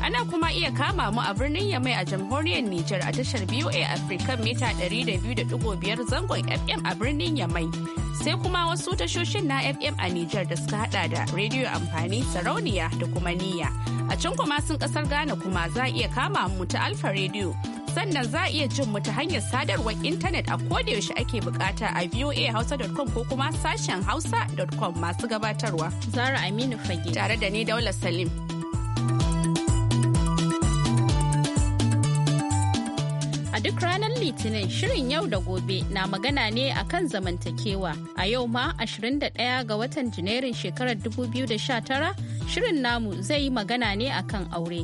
Ana kuma iya kama mu a birnin Yamai a jamhuriyar Nijar a tashar BOA Africa mita 200.5 zangon FM a birnin Yamai. Sai kuma wasu tashoshin na FM a Nijar da suka hada da rediyo amfani sarauniya da kuma niyya. A can kuma sun kasar Ghana kuma za a iya kama mu ta Alfa rediyo sannan za a iya jin mu ta hanyar sadarwar intanet a yaushe ake bukata a voahausa.com ko kuma sashen hausa.com masu gabatarwa. Zara Aminu Fage. Tare da ni Daula Salim. duk ranar Litinin shirin yau da gobe na magana ne akan zamantakewa. A yau ma 21 ga watan Janairun shekarar 2019 shirin namu zai yi magana ne akan aure.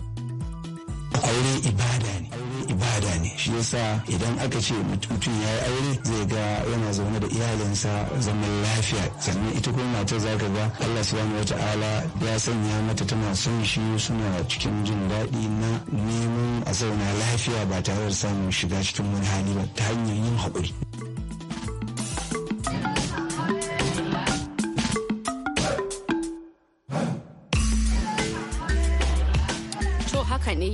Aure ibada ne. ibada ne shi yasa idan aka ce mutum ya yi aure zai ga yana zaune da iyalinsa zaman lafiya sannan ita kuma matar za ka ga Allah subhanahu wataala ya sanya mata tana son shi suna cikin jin daɗi na neman a zauna lafiya ba tare da samun shiga cikin wani hali ba ta hanyar yin haƙuri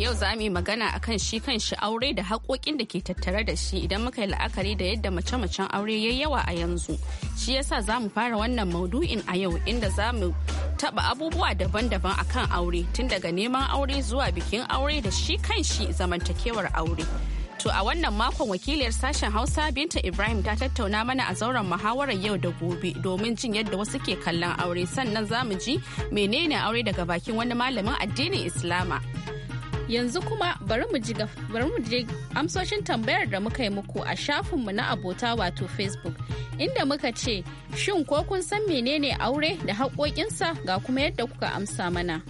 yau za mu yi magana akan shi kan shi aure da haƙoƙin da ke tattare da shi idan muka yi la'akari da yadda mace-macen aure ya yawa a yanzu. Shi yasa za mu fara wannan maudu'in a yau inda za mu taɓa abubuwa daban-daban akan aure tun daga neman aure zuwa bikin aure da shi kan shi zamantakewar aure. To a wannan makon wakiliyar sashen Hausa Binta Ibrahim ta tattauna mana a zauren muhawarar yau da gobe domin jin yadda wasu ke kallon aure sannan za mu ji menene aure daga bakin wani malamin addinin Islama. yanzu kuma bari mu ji amsoshin tambayar da muka yi muku a shafinmu na abota wato facebook inda muka ce shin ko kun san menene aure da haƙoƙinsa ga kuma yadda kuka amsa mana.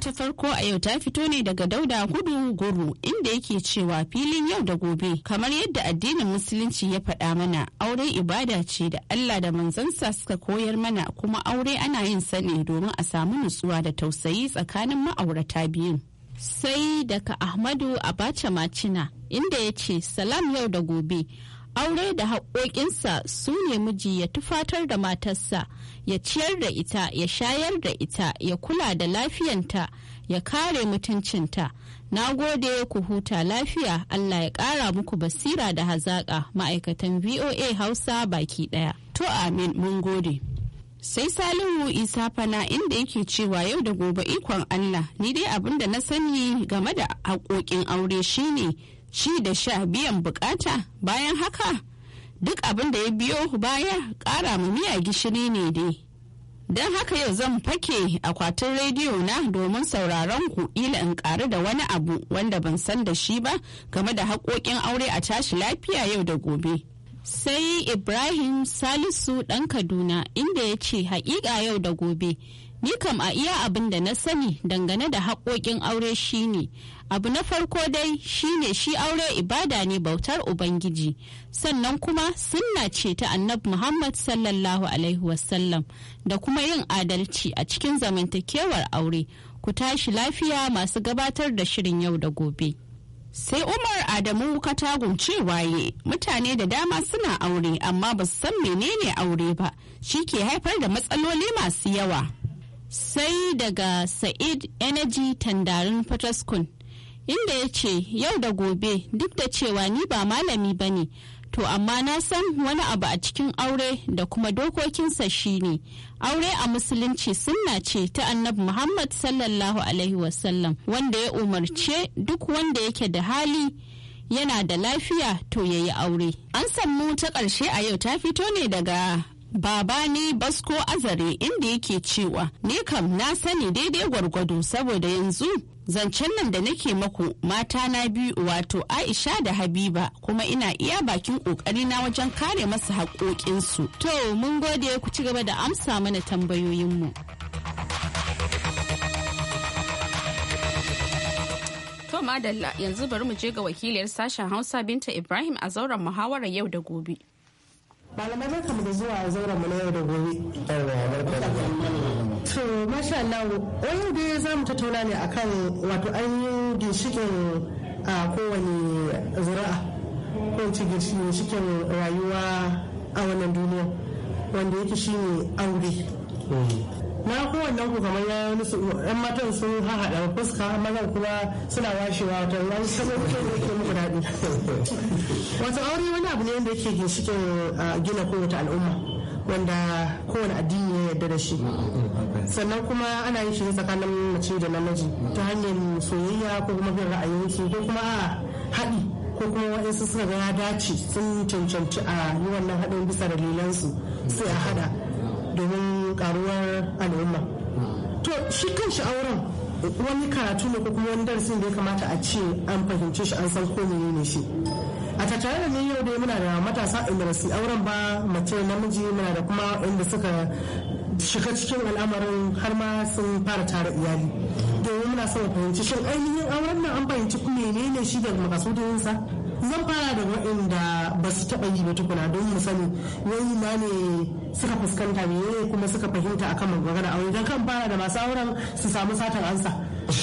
ta farko a yau ta fito ne daga dauda hudu guru inda yake cewa filin yau da gobe kamar yadda addinin musulunci ya faɗa mana aure ibada ce da allah da manzansa suka koyar mana kuma aure ana yin sani domin a samu nutsuwa da tausayi tsakanin ma'aurata biyun sai daga ahmadu abacha macina inda ya ce salam yau da gobe aure da haƙoƙinsa su ne miji ya tufatar da matarsa ya ciyar da ita ya shayar da ita ya kula da lafiyanta ya kare mutuncinta na gode ku huta lafiya allah ya ƙara muku basira da hazaƙa ma'aikatan voa hausa baki ɗaya to amin mun gode sai salihu isa fana inda yake cewa yau da gobe ikon allah ni dai abinda na sani game da haƙoƙin aure shine Shi da sha biyan bukata bayan haka duk abin da ya biyo baya ƙara mu miya gishiri ne dai. Don haka yau zan fake akwatin rediyo na domin sauraron ku ila in ƙaru da wani abu wanda ban san da shi ba game da haƙoƙin aure a tashi lafiya yau da gobe. Sai Ibrahim Salisu ɗan Kaduna inda ya ce haƙiƙa yau da gobe Ni kam a iya abin da na sani dangane da haƙoƙin aure shine abu na farko dai shine shi aure ibada ne bautar Ubangiji sannan kuma sunna ce ta annabi Muhammad sallallahu Alaihi wasallam da kuma yin adalci a cikin zamantakewar aure ku tashi lafiya masu gabatar da shirin yau da gobe. sai umar adamu katagun ye mutane da dama suna aure amma ba su san menene aure ba shi ke haifar da matsaloli masu yawa sai daga Sa'id Energy Tandarin Fataskun inda ya ce yau da gobe duk da cewa ni ba malami ba ne to amma na san wani abu a cikin aure da kuma dokokinsa ne. aure a musulunci sunna ce ta annabi muhammad sallallahu alaihi wasallam wanda ya umarce duk wanda yake da hali yana da lafiya to ya yi aure. An samu ta ƙarshe a yau ta fito ne daga baba ni Basko Azare inda yake cewa ni kam na sani daidai gwargwado saboda yanzu zancen nan da nake maku mata na biyu wato Aisha da Habiba kuma ina iya bakin kokari na wajen kare masu haƙoƙinsu. To mun gode ku ci gaba da amsa mana tambayoyinmu. To madalla yanzu bari mu je ga wakiliyar sashen Hausa Binta Ibrahim a zauren muhawarar yau da gobe. malamai barka mu da zuwa zauren mu na yau da gobe to masha Allah yau dai za mu tattauna ne akan wato an yi ginshikin a kowane zura'a ko ci ginshikin rayuwa a wannan duniya wanda yake shine aure mm. na kowannen ku kamar ya musu yan matan sun hahaɗa fuska mazan kuma suna washewa ta wani sabo ke da yake muku daɗi wato aure wani abu ne da yake ginshikin gina kowace al'umma wanda kowane addini ya yarda da shi sannan kuma ana yin shi tsakanin mace da namiji ta hanyar soyayya ko kuma bin ra'ayinsu ko kuma a haɗi ko kuma waɗansu suka ga dace sun cancanci a yi wannan haɗin bisa dalilansu sai a haɗa domin karuwar al'umma to shi kanshi auren wani karatu ne ko kuma wani darasin da ya kamata a ce an fahimce shi an san ko ne shi a tattare da ni yau dai muna da matasa inda su auren ba mace namiji muna da kuma inda suka shiga cikin al'amarin har ma sun fara tara iyali domin muna son fahimci shin ainihin auren nan an fahimci menene shi da sa? zan fara da waɗanda ba su taɓa yi ba tukuna don mu sani yayi ma ne suka fuskanta ne kuma suka fahimta akan magana aure don kan fara da masu auren su samu satan ansa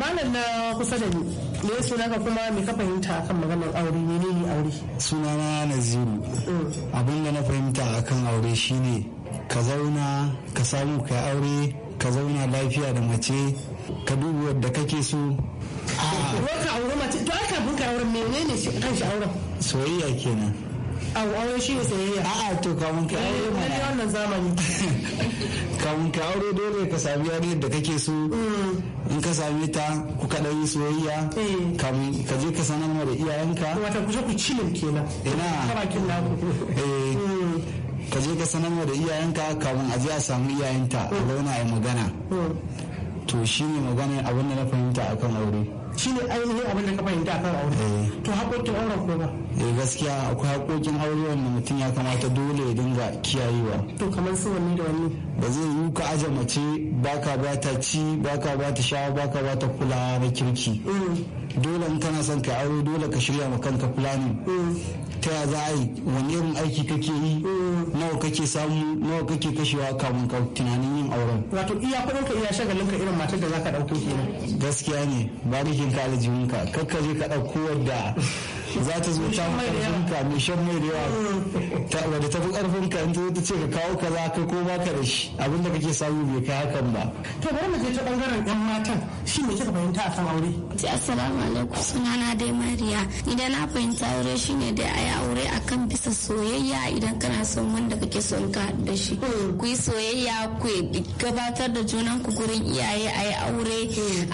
malam na kusa da ni me suna ka kuma me ka fahimta akan maganar aure ne ne aure suna na naziru mm. abin da na fahimta akan aure shine ka zauna ka samu ka aure ka zauna lafiya da mace ka dubi wadda kake so a to ai kafin ka auren menene shi kan shi auren soyayya kenan a aure shi a a to kafin ka aure eh, ma ne wannan zamani kafin ka aure dole ka sami yarinyar da kake so mm. in ka sami ta ku ka yi soyayya eh. kafin ka je ka sanar da iyayenka wata ku ku cilin kenan ina ta bakin naku eh mm. ka je ka sanar da iyayenka kafin a je a samu iyayenta a zauna a magana mm. to shi ne magana abin da na fahimta akan aure shi ne ainihin abin da ka fahimta akan aure eh. to haƙoƙin auren ko ba eh gaskiya akwai haƙoƙin aure wanda mutum ya kamata dole ya dinga kiyayewa to kamar su wani da wani. ba zai yi ka aje mace baka ba ta ci baka ba ta sha baka ba ta kula na kirki mm. dole in kana son ka aure dole ka shirya ma kanka fulani. Mm. ta ya za a yi wani irin aiki kake yi mm. nawa kake samu nawa kake kashewa kamun ka tunanin auren wato iya kudin ka iya shagalin ka irin matar da zaka dauko kenan gaskiya ne ba ni ka aljihun ka kakkaje ka dauko wadda za ta zo ta ka mai shan mai da yawa wadda ta fi karfin ka in ta ce ka kawo kaza ka ko ba ka da shi abin da kake samu bai kai hakan ba to bari mu je ta bangaren yan matan shi ne kika fahimta a san aure assalamu alaikum na dai mariya idan na fahimta aure shine dai a yi aure akan bisa soyayya idan kana son wanda kake son ka da shi ku yi soyayya ku gabatar da junan ku gurin iyaye yi aure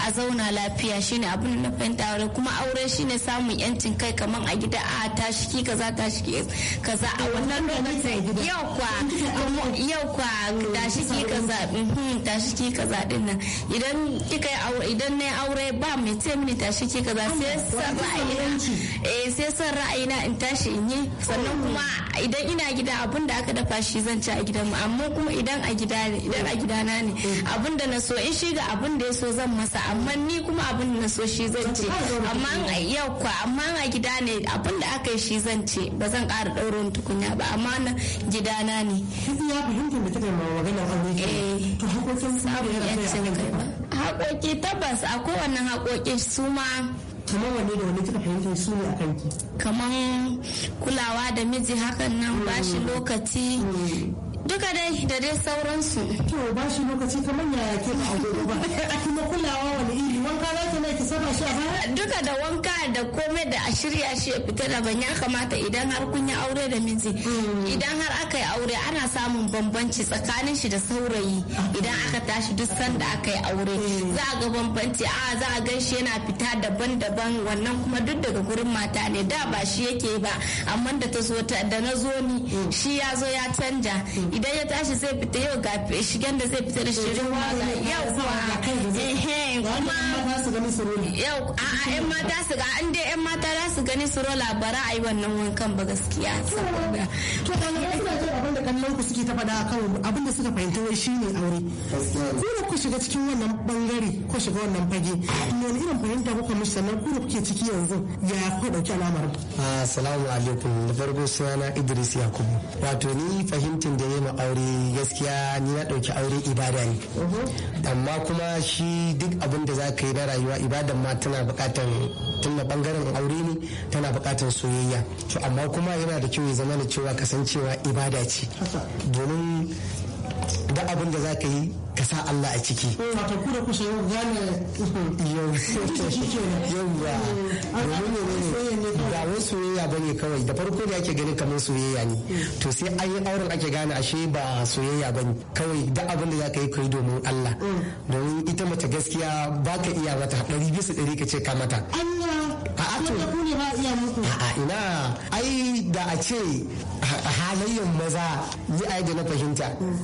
a zauna lafiya shine abin da na fahimta aure kuma aure shine samun yancin kai kamar kaman a gida a ta shiki kaza ta shiki kaza a wannan lokacin yau kwa yau kwa ta shiki kaza mhm, ta shiki kaza din nan idan kika idan na aure ba mai ce mini ta shiki kaza sai san ra'ayina eh sai san ra'ayina in tashi in yi sannan kuma idan ina gida abin da aka dafa shi zan ci a gidan mu amma kuma idan a gida ne idan a gida na ne mm. abin da na so in shi ga abin da ya so zan masa amma ni kuma abin da na so shi zan ci amma yau kwa amma a gida ne abin da aka yi shi zan ce ba zan ƙara ɗaurin tukunya ba amma na gidana ne. Ya fahimta da kake ma maganar aure ke. Eh. To haƙoƙin samun yancin kai ba. Haƙoƙi tabbas a kowane haƙoƙi su ma kamar wanne da wanne kika fahimta su ne a kanki kamar kulawa da miji hakan nan ba shi mm. lokaci mm. duka dai da dai sauransu to ba shi lokaci kamar yaya ke ba a ba kuma kulawa wani iri wanka duka da wanka da komai da a shirya shi ya fita daban ya kamata idan har kun yi aure da miji idan har aka yi aure ana samun bambanci tsakanin shi da saurayi idan aka tashi duk sanda aka yi aure za a ga bambanci a za a gan shi yana fita daban-daban wannan kuma duk daga gurin mata ne da ba shi yake ba amma da ta zo da na zo ni shi ya zo ya canja idan ya tashi zai fita yau ga shigen da zai fita da shirin waza yau ehe. yau a a yan mata su ga an dai yan mata za su gani su rola bara a yi wannan wankan ba gaskiya. da kallon ku suke ta faɗa kan abin da suka fahimta wai shine aure ku ku shiga cikin wannan bangare ko shiga wannan fage ne irin fahimta kuka mishi sannan ku da kuke ciki yanzu ya ku dauki alamar assalamu ah, alaikum da farko sunana Idris Yakubu wato ni fahimtin da yayi aure gaskiya ni na dauki aure ibada ne amma kuma shi duk abin da za ka yi na rayuwa ibadan ma tana bukatar tun da bangaren aure ne tana bukatar soyayya to amma kuma yana da kyau ya zama da cewa kasancewa ibada ce domin da abin da za ka yi ka sa Allah a ciki wato ku da ku sai gane yau yauwa domin ne ne ba wai soyayya bane kawai da farko da ake ganin kamar soyayya ne hmm. to sai an yi auren ake gane ashe ba soyayya ne kawai da abin da yi kai domin Allah hmm. domin ita mace gaskiya baka iya mata ɗari bisa ɗari ka ce ka mata a ina ai da a ce halayyar maza ni ai da na fahimta hmm.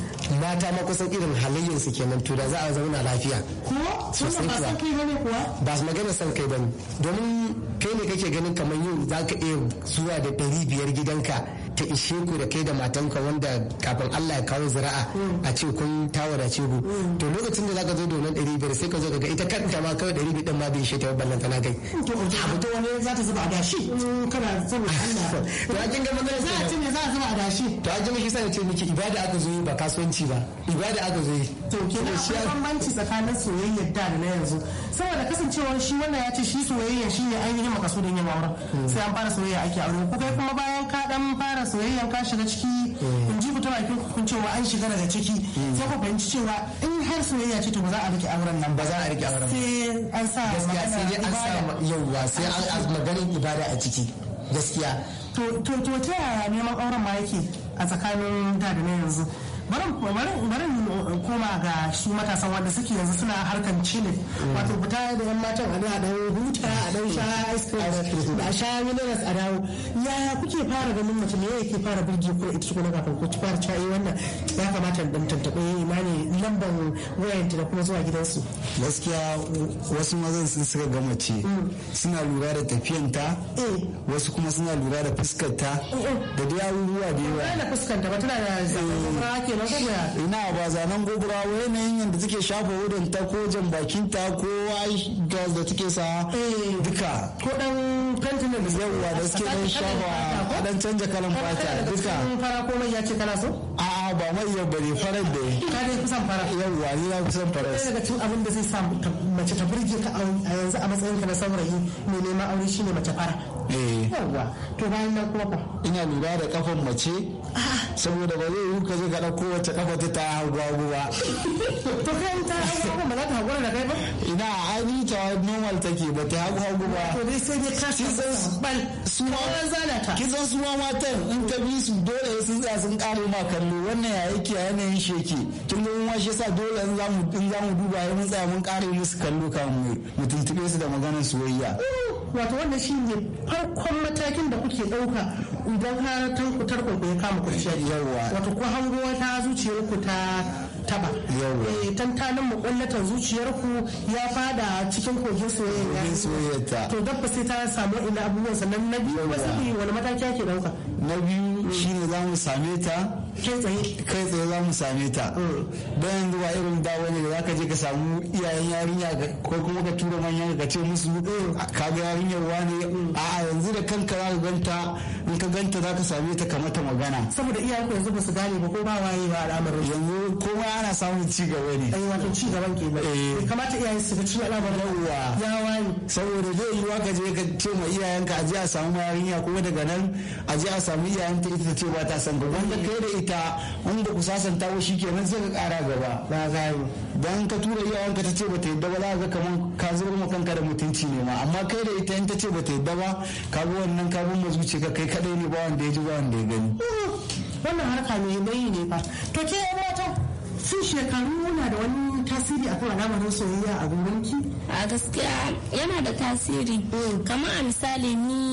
mata ma kusan irin halayyar su kenan to da za a zauna lafiya ko sun ba san kai bane kuwa ba magana san kai bane domin kai ne kake ganin kamar yau za ka iya zuwa da ɗari biyar gidanka ta ishe ku da kai da matanka wanda kafin Allah ya kawo zira'a a ce kun ta wadace ku to lokacin da zaka zo da wannan ɗari biyar sai ka zo daga ita kanta ma kawai ɗari biyar ma bai ishe ta ballan tana kai. to ta wani za ta zuba a dashi mm, kana saboda Allah to a kin ga magana za a ce ne za a zuba a dashi to a kin shi sai ce miki ibada aka zo yi ba kasuwanci ba ibada aka zo yi to ke kenan akwai bambanci tsakanin soyayya da da na yanzu saboda kasancewar shi wannan ya ce shi soyayya shi ne ainihin makasudin yin auren hmm. sai an fara soyayya ake aure ko kai kuma bayan ka dan fara soyayya ka shiga ciki eh. in ji fito bakin kun cewa an shiga daga ciki hmm. sai ku fahimci cewa in har soyayya ce to ba za a rike auren nan ba za a rike auren sai an sa gaskiya sai dai an sa yawa sai an maganin ibada a ciki gaskiya to to to ta yaya neman auren ma yake a tsakanin da da yanzu barin koma ga su matasan wanda suke yanzu suna harkan cile mm. wato fita da yan matan a da huta a dan sha ice cream da sha minerals a dawo ya kuke fara ganin mutum ya yake fara birge ko ita kuma kafin ko ci fara cayi wannan ya kamata dan tantabe imani lambar wayanta da kuma zuwa gidansu gaskiya wasu mazan sun suka ga mace mm. suna lura da tafiyanta eh. wasu kuma suna lura da fuskarta eh, eh. da dai abubuwa da yawa da fuskanta ba tana da zama ina ba zanen gobura wa yanayin yadda suke shafa wurin ta ko jan bakin ta ko gas da take sa eh. duka ko dan kantinan da yawa da suke dan shafa dan canja kalan fata duka fara komai ya ce kana so a'a a ba mai yau bari farar da ka dai kusan farar yawwa ni na kusan fara? sai daga cikin abin da zai sa mace ta burge ka a yanzu a matsayin na samurai mai neman aure shine mace fara eh. yawwa to bayan nan kuma ba ina lura da kafan mace saboda ba zai yi ka je ka dauko kafa ta ta hagu hagu ba to kai ta hagu ba za ta hagu da kai ba ina ani ta normal take ba ta hagu hagu ba to dai sai dai ka san bal su zalata kisan su ma matan in ta bi su dole sun tsaya sun karo ma kallo wannan ya yake yanayin shi yake kin ga mu shi yasa dole in zamu in zamu duba ya mun tsaya mun kare musu kallo kan mu mu tuntube su da maganar soyayya wato wannan shi ne farkon matakin da kuke dauka idan har tun ku ya kama shi yawa wato ko hango ta zuciyar ku ta taba yawa eh, tantanin mukullatan zuciyar ku ya fada cikin kogin soyayya to dabba sai ta samu ina abubuwan sannan na biyu wasu wani mataki ake dauka na biyu shine zamu same ta kai tsaye za mu same ta bayan hmm. yanzu ba irin dawo ne da ka je ka samu iyayen yarinya ko kuma ka tura manya ka ce musu hmm. ka ga yarinyar wani hmm. a yanzu da kanka za ka ganta in ka ganta za ka same ta ka mata magana saboda iyayen ku yanzu ba su gane ba ko ba waye ba al'amarin yanzu kowa ana samun ci gaba ne ai eh, wato ci gaban ke eh. ba kamata iyayen su ga ci al'amarin yawa ya wani saboda zai yi ka je ka ce ma iyayenka a je a samu yarinya kuma daga nan a je a samu iyayen ta ita ce ba ta san ba wanda kai da ita ta in ba ku sasanta ba shikenan sai ka kara gaba ba yi dan ka tura iyawanka ta ce ba ta yadda ba za ka kamar ka zubar ma kanka da mutunci ne ma amma kai da ita in ta ce ba ta yadda ba ka bi wannan ka bin mazuci ka kai kadai ne ba wanda ya ji ba wanda ya gani wannan harka mai bayi ne fa to ke yan mata sun shekaru muna da wani tasiri akan al'amarin soyayya a gurin a gaskiya yana da tasiri kamar a misali ni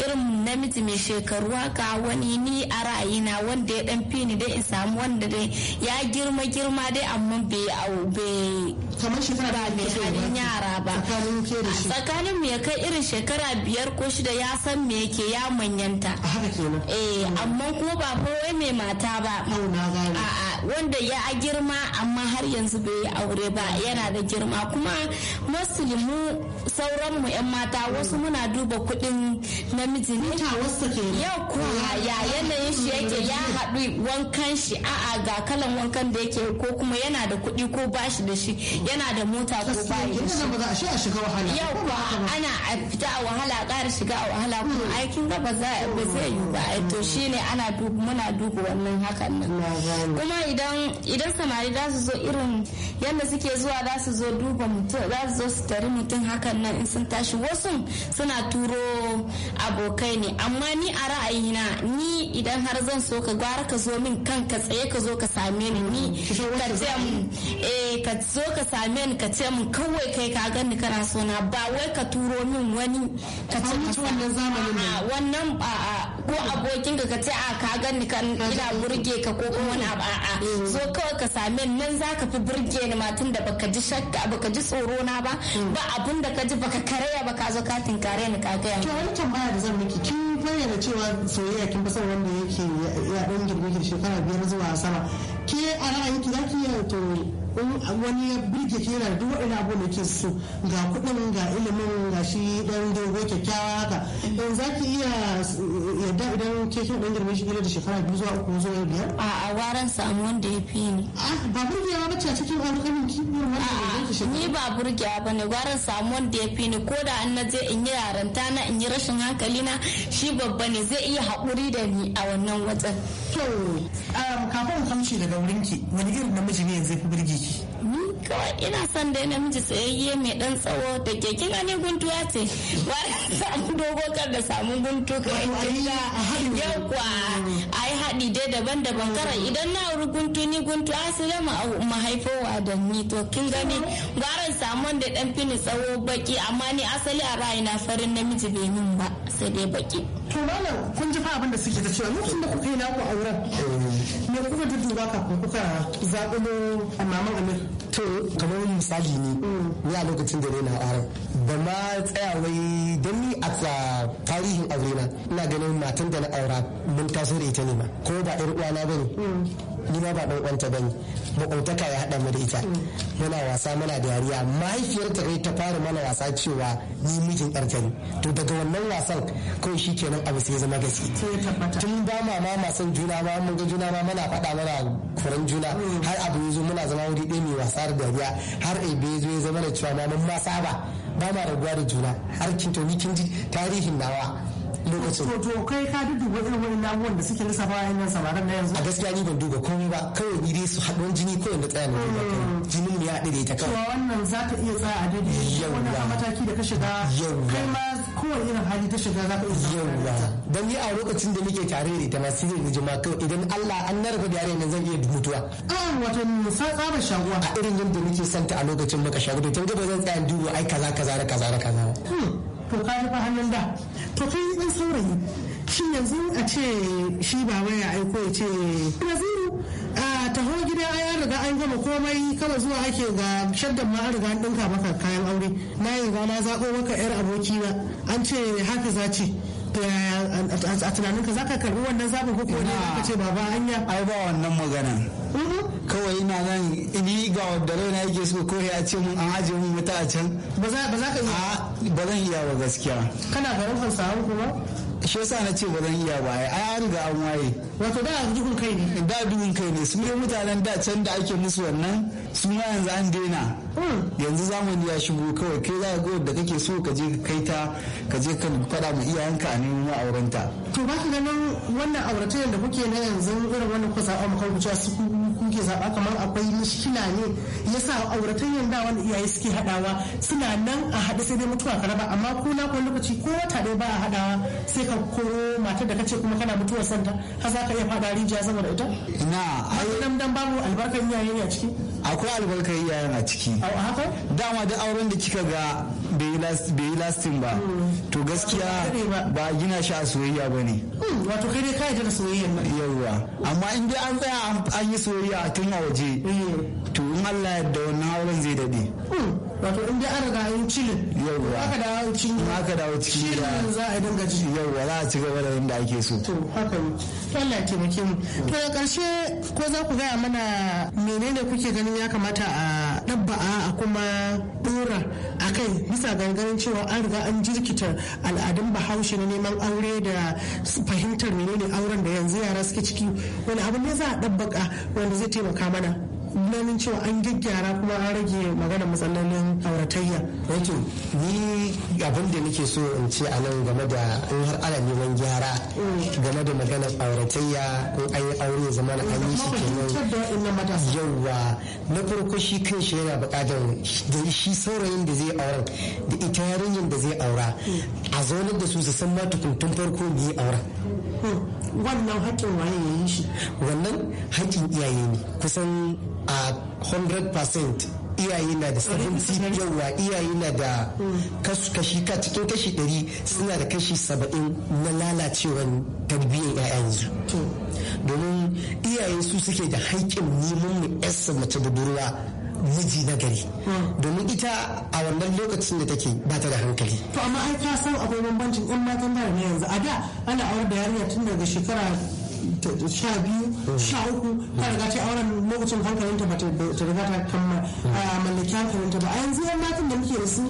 irin namiji mai shekaru haka wani ni a ra'ayina wanda ya dan fi ni dai in samu wanda dai ya girma girma dai amma bai au bai kamar shekara mai halin yara ba tsakanin mu ya kai irin shekara biyar ko shida ya san me yake ya manyanta haka eh amma kuma ba fa wai mai mata ba a'a wanda ya a girma amma har yanzu bai yi aure ba yana da girma kuma musulmu sauran mu yan mata wasu muna duba kuɗin namiji ne yau kuwa ya yanayin shi yake ya haɗu wankan shi a'a ga kalan wankan da yake ko kuma yana da kuɗi ko bashi da shi yana da mota ko shi. yau kuwa ana a fita a wahala a ƙara shiga a wahala ko aikin ba za a yi ba to shine ana muna duba wannan hakan nan kuma idan idan samari za su zo irin yadda suke zuwa za su zo duba mutum za su zo su tari mutum hakan nan in sun tashi wasu suna turo abokai ne amma ni a ra'ayina ni idan har zan so ka gwara ka zo min kan tsaye ka zo ka same ni ni ka ce eh zo ka same ni ka ce min kawai kai ka gani kana so na ba wai ka turo min wani ka ce wannan zamanin wannan ba ko abokin ka ce a ka gani kan ina burge ka ko kuma wani abu a'a zo kawai ka same nan zaka fi burge ni tun da baka ji shakka baka ji tsoro na ba ba abun da ka ji baka karaya ba ka zo ka tinkare ni ka ya to wani tambaya da zan miki kin bayyana cewa soyayya kin fi wanda yake ya dan girme shekara biyar zuwa sama ke a ra'ayinki zaki iya to wani ya birge ke yana duk wani abu da ke so ga kuɗin ga ilimin ga shi dan dogo kyakkyawa haka in eh, za ki iya eh, yadda idan ke kin ɗan girma shi da shekara biyu zuwa uku zuwa biyar. a a waran samu wanda ya fi ni. Ah, ba burgewa ba ce a cikin alƙalin kibiyar wanda ya ki shekara. ni ba burgewa ba ne waran samu wanda ya fi ni ko da an na je in yi yaranta na in yi rashin hankali na shi babba ne zai iya haƙuri da ni a wannan wajen. to um, kafin kamshi daga wurinki wani irin namiji ne zai fi birge We kawai ina son dai namiji tsayayye mai dan tsawo da ke kin gani guntuwa ce ba samu dogo kar da samu guntu kawai kinga a ai haɗi dai daban-daban kara idan na auri guntu ni guntu a mahaifowa da ni to kin gani gwaran samu da dan fini tsawo baki amma ni asali a na farin namiji bai min ba sai dai baki to malam kun ji fa abin da suke ta cewa lokacin da kuka yi naku auren eh. me kuka dudduba kafin kuka zaɓi maman Amir to kamar misali ne ni a lokacin da na auren ba ma tsaya wai don ni a tarihin aure na ina ganin matan da na aura mun taso da ita ne ma ko ba ɗan uwana ba ne ni ma ba ɗan'uwanta ba ne makwabtaka ya haɗa mu da ita muna wasa muna da yariya mahaifiyarta kai ta fara mana wasa cewa ni mijin ƙarfe to daga wannan wasan kawai shi kenan abu sai zama gaske tun ba ma ma masan juna ma mun ga juna ma muna faɗa mana furan juna har abu ya zo muna zama wuri ɗaya mai wasa da dariya har ebe ya zo ya zama da cewa ma mun ma saba ba ma rabuwa da juna har kin to ni kin ji tarihin nawa lokacin to to kai ka duduba irin wani abubuwan da suke lissafa a yanzu samarin na yanzu a gaskiya ni ban duba komai ba kawai ni dai su haɗuwan jini kawai da tsaya ne hmm. jinin mu ya haɗu ta kawai cewa wannan za ta iya tsaya a daidai wannan mataki da ka shiga kai ma kowane irin hali ta shiga za ka iya yawa dan ni a lokacin da muke tare da ita ma sai da jima kawai idan Allah an narka da yare nan zan iya mutuwa ah wato musa tsaba shaguwa a irin yadda muke santa a lokacin muka shagu da tun ga ba zan tsaya duba ai kaza kaza da kaza da kaza hmm. to ka hannun da to kai dan saurayi shi yanzu a ce shi ba waya aiko ya ce naziru a taho gida ya riga an gama komai kawai zuwa ake ga shaddan ma an riga an dinka maka kayan aure na yi na zaɓo maka yar aboki na an ce haka za ce a tunanin ka zaka karbi wannan zaɓin ko kuma ka ce baba anya ai ba wannan maganan mm-hmm. kawai ina nan ni ga wadda raina yake so ko ya ce mun an ajiye mun wuta a can ba za ka yi ba zan iya ba gaskiya kana garin fasahar kuma shi yasa na ce ba zan iya ba ai an riga an waye wato da duhun kai ne da duhun kai ne su ne mutanen da can da ake musu wannan su ma yanzu an daina hmm. yanzu zamani ya shigo kawai kai za ka ga da kake so ka je ka kai ta ka je ka faɗa ma iyayenka a nemo ma'auranta to ba ki ganin wannan auratayyar da kuke na yanzu irin wannan kusa an kawo su kuke zaba kamar akwai mishkila ne yasa auratan da wanda iyaye suke hadawa suna nan a haɗe sai dai mutuwa ka raba amma ko na kwan lokaci ko wata ɗaya ba a haɗawa sai ka koro matar da kace kuma kana mutuwar santa har za ka iya fada rijiya saboda ita. na ai dan babu albarkar iyaye ne a ciki. akwai albarkar yayan a ciki dama da auren da kika ga bai yi lastin ba hmm. to gaskiya ba gina shi a soyayya ba ne hmm, wato kai dai kai da soyayya iya yawa amma in dai an tsaya an yi soyayya tun a waje eh. to in Allah yadda wannan auren zai dade hmm. wato in dai an riga an cile yawwa aka dawo cikin gida aka dawo cikin gida shirin za a dinga ji yawwa za a ci gaba da inda ake so to haka ne to Allah ya taimake mu to da karshe ko za ku gaya mana menene kuke ganin ya kamata a dabba'a a kuma dora a kai bisa gangaren cewa an riga an jirkita al'adun bahaushe na neman aure da fahimtar menene auren da yanzu yara suke ciki wani abu ne za a dabbaka wanda zai taimaka mana ganin cewa an gyaggyara kuma an rage magana matsalolin auratayya. Wato ni abin da nake so in ce a nan game da in har ana neman gyara mm. game da magana auratayya ko an yi aure zama na an yi shi kenan yawwa na farko shi kan shi yana buƙatar da shi saurayin da zai aura da ita yarinyar da zai aura mm. a zaunar da su su san ma tukuntun farko zai aura. Mm. wannan haƙƙin waye ya yi shi wannan haƙƙin iyaye ne kusan a 100% iyaye na da 70 yawa iyaye na da kashi ka cikin kashi 100 suna da kashi 70 na lalacewar tarbiyyar 'ya'ya yanzu domin iyaye su suke da haƙƙin neman mu yasa mace budurwa miji na gari hmm. domin ita a wannan lokacin da take ba ta da hankali to amma ai ka san akwai bambancin in matan da yanzu a da ana aure da yarinya tun daga shekara sha biyu sha uku ta riga ce auren lokacin hankalinta ba ta riga ta kammala mallaki hankalinta ba a yanzu yan matan da muke da su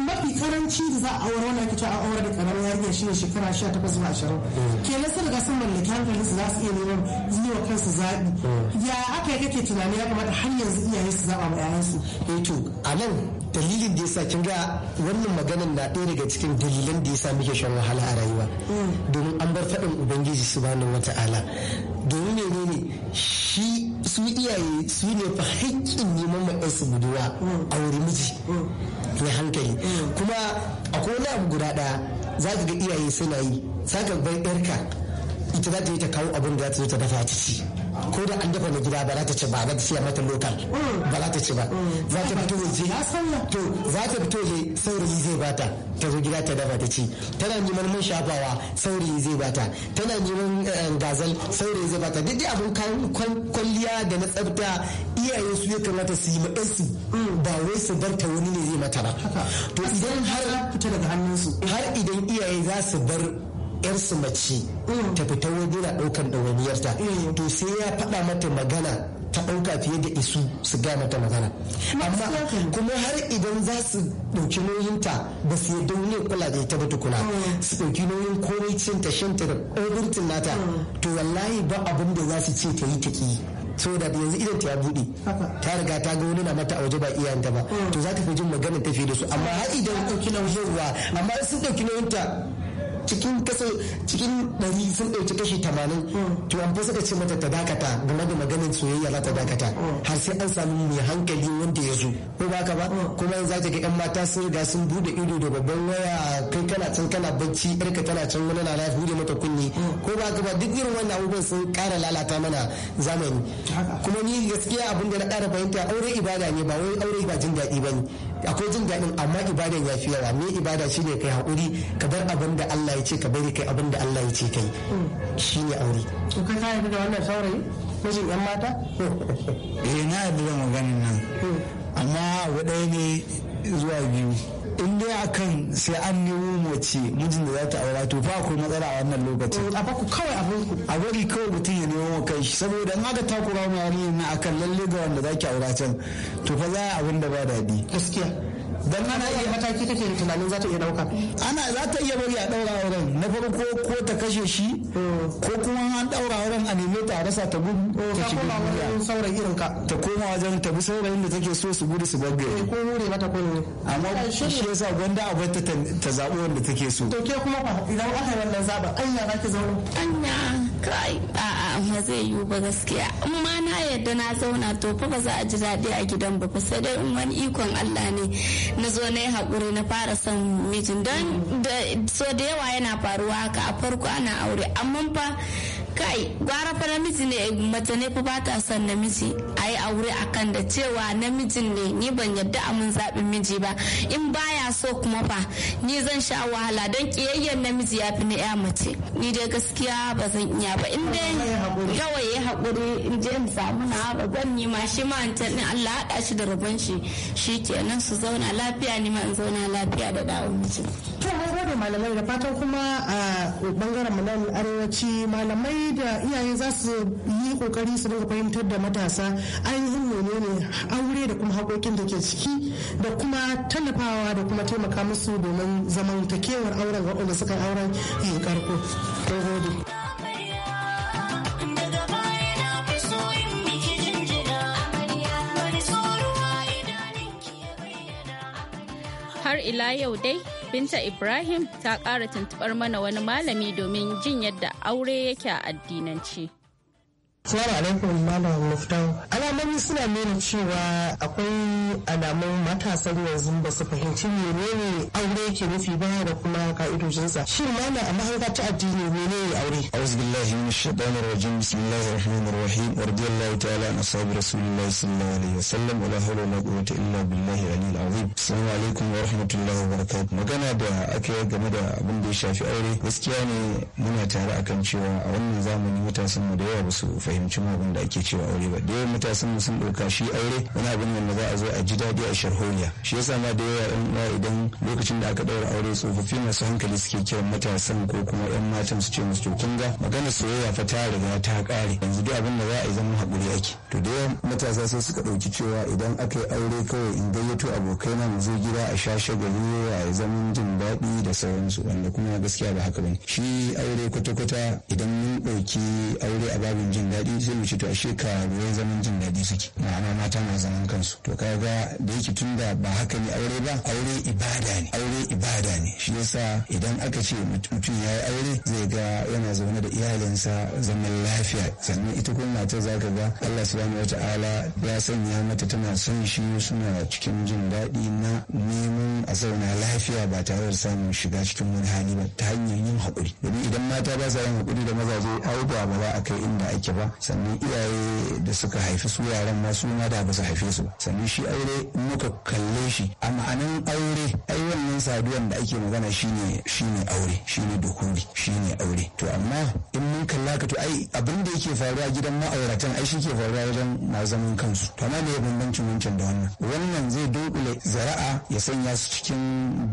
mafi karanci da za a aure wani ake a aure da karamar yarinya shine shekara 18 zuwa 20 mm. kenan nasu daga sun mallaki hankalin su za su iya neman yi wa kansu zaɓi mm. ya aka yi kake tunani ya kamata har yanzu iyaye su zaɓa ma 'ya'yansu eh a nan dalilin da yasa kin ga wannan maganan na ɗaya daga cikin dalilan da yasa muke shan wahala a rayuwa mm. domin an bar faɗin ubangiji subhanahu wata'ala domin menene shi su iyaye su ne fa haƙƙin neman ma 'yansu buduwa a wuri miji mai hankali mm. kuma akwai wani abu guda ɗaya za ka ga iyaye suna yi za ka bai ɗarka ita za ta yi ta kawo abin da za ta zo ta dafa ta ci ko da an dafa na gida ba za ta ci ba za ta siya mata lokal ba za ta ci ba za ta fito waje to za ta fito waje saurayi zai bata ta zo gida ta dafa ta ci tana neman man shafawa saurayi zai bata tana neman eh, gazal saurayi zai bata duk abin kwalliya da na tsafta iyaye su ya kamata su yi ma ɗansu ba wai su bar ta wani ne zai mata ba to idan har fita daga hannunsu har idan iyaye za su bar yarsu mace mm. ta fita waje na ɗaukan dawaniyarta mm. to sai ya faɗa mata magana ta ɗauka fiye da isu su ga mata magana amma kuma har idan za su ɗauki ta ba su yadda wani kula da ita ba tukuna mm. su ɗauki nauyin komai cin ta shan ta da ƙoguntin nata to wallahi ba abin da za su ce ta yi ta ki so da yanzu idan ta ya buɗe ta riga ta ga wani na mata a waje ba iyayenta ba to za ta fi jin magana tafi da su amma har idan ɗauki nauyin amma sun ɗauki nauyin ta cikin kasa cikin ɗari sun ɗauki kashi tamanin to an fi suka ce mata ta dakata game da maganin soyayya za ta dakata har sai an samu mai hankali wanda ya zo ko ba ka ba kuma yanzu za ga yan mata sun riga sun bude ido da babban waya kai kana can kana bacci yarka tana can wani na lafi bude mata kunne ko ba ka ba duk irin wannan abubuwan sun ƙara lalata mana zamani kuma ni gaskiya abin da na ƙara fahimta aure ibada ne ba wai aure ba jin daɗi ba ne akwai jin daɗin amma ibada ya fi yawa me ibada ne kai haƙuri ka bar abin da Allah ya ce ka bari kai abin da Allah ya ce kai ne aure to kai ka da wannan saurayi mijin yan mata eh na yarda da maganin nan hmm. amma abu ne zuwa biyu in dai akan sai an nemo mace mijin da za ta aura to fa akwai matsala a wannan lokacin a baku kawai abin ku a bari kawai mutum ya nemo kai shi saboda in aka takura ma yarinyar akan lalle ga wanda za ki aura can to fa za a abin da ba daɗi gaskiya dan ana iya mataki kake da tunanin za ta iya dauka ana za ta iya bari a daura auren na farko ko ta kashe shi ko kuma an daura auren a neme ta a rasa ta gudu oh, ta ci gudu saurayin irin ka ta koma wajen ta bi saurayin da take so su gudu su babbe eh, ko hure mata ko ne amma shi yasa gwanda a bar ta ta zabo wanda take so to ke kuma fa idan aka yi wannan zaba anya zaki zo anya kai a'a ba zai yiwu ba gaskiya in ma na yadda na zauna to fa ba za a ji daɗi a gidan ba fa sai dai in wani ikon Allah ne na zo na yi haƙuri na fara son mijin don so da yawa yana faruwa haka a farko ana aure amma fa kai gwara fa namiji ne mace ne fa ba ta son namiji a yi aure akan da cewa namijin ne ni ban yadda a mun zaɓin miji ba in baya so kuma fa ni zan sha wahala don ƙiyayyen namiji ya fi na ya mace ni dai gaskiya ba zan iya ba in dai kawai ya hakuri in je in samu na ba zan yi ma shi ma in tanin Allah haɗa shi da rabon shi shi kenan su zauna lafiya ni ma in zauna lafiya da dawo miji. ne malamai da fatan kuma a bangaren mu nan arewaci malamai da iyaye za su yi kokari su dinga fahimtar da matasa ainihin ne aure da kuma hakokin da ke ciki da kuma tallafawa da kuma taimaka musu domin zamantakewar auren waɗanda suka auren yi karko. gode. har ila yau dai Binta Ibrahim ta ƙara tuntuɓar mana wani malami domin jin yadda aure yake a addinance. Assalamu alaikum Malam Muftau. Alamomi suna nuna cewa akwai alamun matasan yanzu ba su fahimci menene aure yake nufi ba da kuma ka'idojinsa. Shin malam a mahanga ta addini menene aure? A'udhu billahi minash shaitanir rajim. Bismillahir rahmanir rahim. Radiyallahu ta'ala an ashabi Rasulillahi sallallahu alaihi wasallam wa la hawla wa la quwwata illa billahi aliyyil azim. Assalamu alaikum wa rahmatullahi wa barakatuh. Magana da aka yi game da abin da ya shafi aure gaskiya ne muna tare akan cewa a wannan zamani matasan mu da yawa ba su fahimci abin da ake cewa aure ba da yawan sun dauka shi aure wani abin wanda za a zo a ji daɗi a sharholiya shi yasa ma da yawa ɗan uwa idan lokacin da aka ɗaura aure tsofaffi masu hankali suke kiran matasan ko kuma yan matan su ce musu to ga magana soyayya fa ta riga ta ƙare yanzu duk abin da za a yi zama haƙuri ake to da yawan matasa sai suka ɗauki cewa idan aka yi aure kawai in gayyato abokai na mu zo gida a sha shagali a zaman jin daɗi da sauransu wanda kuma gaskiya ba haka bane shi aure kwata-kwata idan mun ɗauki aure a babin jin daɗi daɗi sai mu ce to ashe karuwai zaman jin daɗi suke ma'ana mata na zaman kansu to kaga da yake tun da ba haka ne aure ba aure ibada ne aure ibada ne shi yasa idan aka ce mutum ya yi aure zai ga yana zaune da iyalinsa zaman lafiya sannan ita kuma mata za ka ga Allah subhanahu ta'ala ya sanya mata tana son shi suna cikin jin daɗi na neman a zauna lafiya ba tare da samun shiga cikin wani hali ba ta hanyar yin haƙuri domin idan mata ba sa yin haƙuri da mazaje ai ba ba za a kai inda ake ba sannan iyaye da suka haifi su yaran ma su ma da ba su haife su sannan shi aure muka kalle shi a ma'anin aure ai wannan saduwan da ake magana shine shine aure shine dokuri shine aure to amma in mallaka to ai abin da yake faruwa gidan ma'auratan ai shi ke faruwa wajen masu zaman kansu to amma ne bambancin wancan da wannan wannan zai dunkule zara'a ya sanya su cikin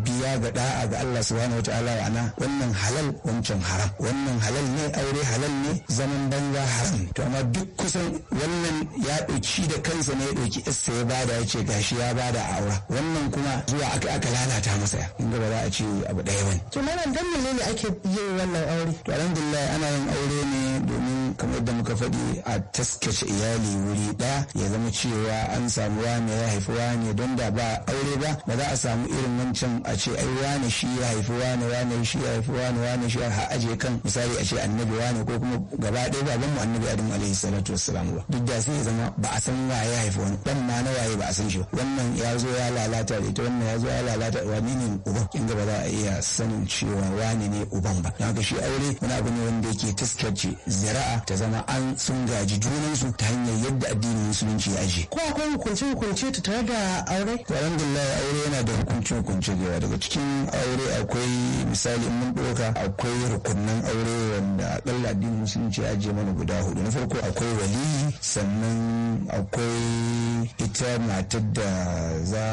biya ga da'a ga Allah subhanahu wataala ana wannan halal wancan haram wannan halal ne aure halal ne zaman banza haram to amma duk kusan wannan ya ɗauki da kansa ne ya ɗauki issa ya bada ya ce gashi ya bada a aura wannan kuma zuwa aka aka lalata masa in ga ba za a ce abu ɗaya bane to malam dan menene ake yin wannan aure to alhamdulillah ana yin aure ne domin kamar da muka faɗi a taskace iyali wuri ɗaya ya zama cewa an samu wane ya haifi wane don da ba aure ba ba za a samu irin wancan a ce ai wane shi ya haifi wane wane shi ya haifi wane wane shi ya aje kan misali a ce annabi wane ko kuma gaba ɗaya ba ban mu annabi adamu alaihi salatu wassalam ba duk da sai ya zama ba a san wa ya haifi wani dan ma na waye ba a san shi wannan ya zo ya lalata da ita wannan ya zo ya lalata wani ne uban inda ba za a iya sanin cewa wane ne uban ba don haka shi aure wani abu ne wanda yake taskace wacce zira'a ta zama an sun gaji junansu ta hanyar yadda addinin musulunci ya aje. Ko akwai hukunce hukunce ta tare da aure? Alhamdulillah aure yana da hukunce hukunce da yawa daga cikin aure akwai misali mun ɗauka akwai rukunnan aure wanda akalla addinin musulunci ya aje mana guda hudu na farko akwai waliyi sannan akwai ita matar da za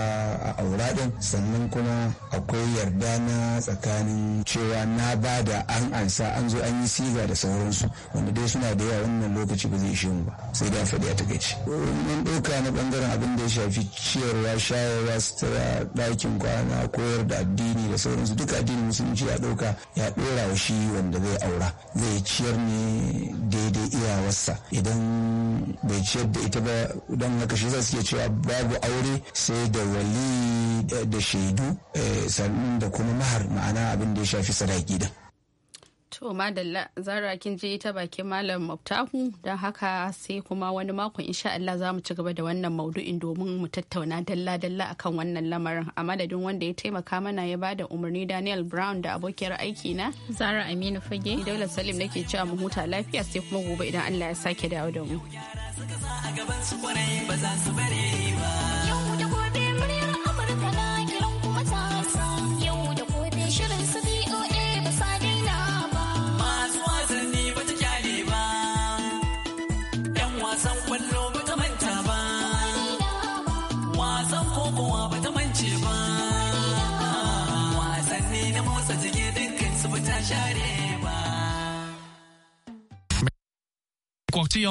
a aura din sannan kuma akwai yarda na tsakanin cewa na ba da an ansa an zo an yi siga da sauran sauransu wanda dai suna da yawa wannan lokaci ba zai ishe mu ba sai da faɗi a takaici mun ɗauka na ɓangaren abin da ya shafi ciyarwa shayarwa sutura ɗakin kwana koyar da addini da sauransu duka addinin musulunci ya ɗauka ya ɗora wa shi wanda zai aura zai ciyar ne daidai iyawarsa idan bai ciyar da ita ba don haka shi iya cewa babu aure sai da wali da shaidu eh, sannan da kuma mahar ma'ana abin da ya shafi sadaki da To madalla zara kin je ta bakin malam Muftahu don haka sai kuma wani makon insha Allah za mu ci gaba da wannan maudu'in domin mu tattauna dalla-dalla akan wannan lamarin a madadin wanda ya taimaka mana ya ba da umarni Daniel Brown da abokiyar aiki na Zara Aminu Fage. Daular Salim nake cewa mu huta lafiya sai kuma gobe idan Allah ya sake dawo da mu. Yau da gobe parti